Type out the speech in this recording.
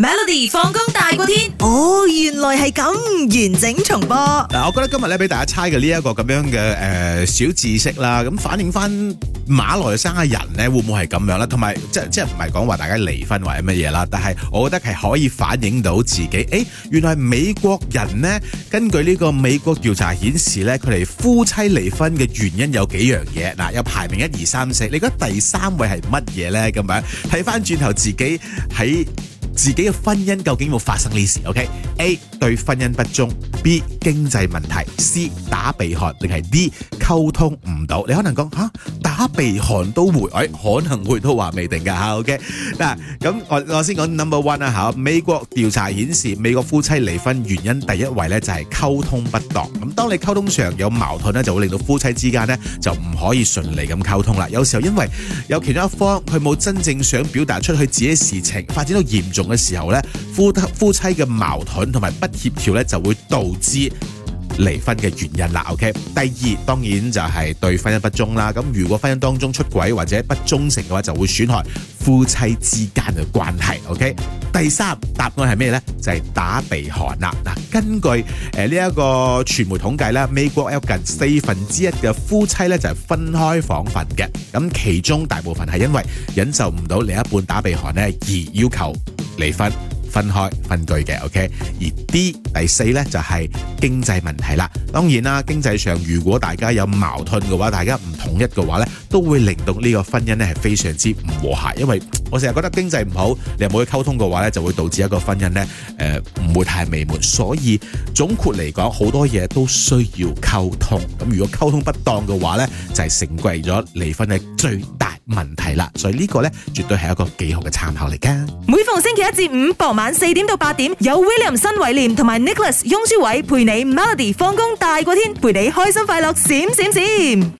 Melody 放工大過天，哦，原來係咁完整重播。嗱、啊，我覺得今日咧俾大家猜嘅呢一個咁樣嘅誒、呃、小知識啦，咁反映翻馬來西亞嘅人咧會唔會係咁樣啦？同埋即係即係唔係講話大家離婚或者乜嘢啦，但係我覺得係可以反映到自己。誒、欸，原來美國人呢，根據呢個美國調查顯示咧，佢哋夫妻離婚嘅原因，有幾樣嘢，嗱、啊、有排名一二三四。你覺得第三位係乜嘢咧？咁樣睇翻轉頭自己喺。自己嘅婚姻究竟有冇發生呢事？OK，A 對婚姻不忠，B 經濟問題，C 打鼻鼾定係 D 溝通唔到？你可能講吓。他被寒都會哎，可能會都話未定嘅吓。OK，嗱咁我我先講 number one 啦吓。美國調查顯示，美國夫妻離婚原因第一位咧就係溝通不當。咁當你溝通上有矛盾咧，就會令到夫妻之間呢就唔可以順利咁溝通啦。有時候因為有其他一方佢冇真正想表達出佢自己嘅事情，發展到嚴重嘅時候呢，夫夫妻嘅矛盾同埋不協調呢就會導致離婚嘅原因啦，OK？第二，當然就係對婚姻不忠啦。咁如果婚姻當中出軌或者不忠誠嘅話，就會損害夫妻之間嘅關係，OK？第三，答案係咩呢？就係打鼻鼾啦。嗱，根據誒呢一個傳媒統計啦，美國有近四分之一嘅夫妻呢，就係分開房瞓嘅，咁其中大部分係因為忍受唔到另一半打鼻鼾呢，而要求離婚。分開分居嘅，OK。而 D 第四呢，就係、是、經濟問題啦。當然啦，經濟上如果大家有矛盾嘅話，大家唔統一嘅話呢，都會令到呢個婚姻呢，係非常之唔和諧。因為我成日覺得經濟唔好，你又冇去溝通嘅話呢，就會導致一個婚姻呢，誒、呃、唔會太美滿。所以總括嚟講，好多嘢都需要溝通。咁如果溝通不當嘅話呢，就係成為咗離婚嘅最大。問題啦，所以呢個呢，絕對係一個幾好嘅參考嚟噶。每逢星期一至五傍晚四點到八點，有 William 新偉廉同埋 Nicholas 雍舒偉陪你 Melody 放工大過天，陪你開心快樂閃閃閃。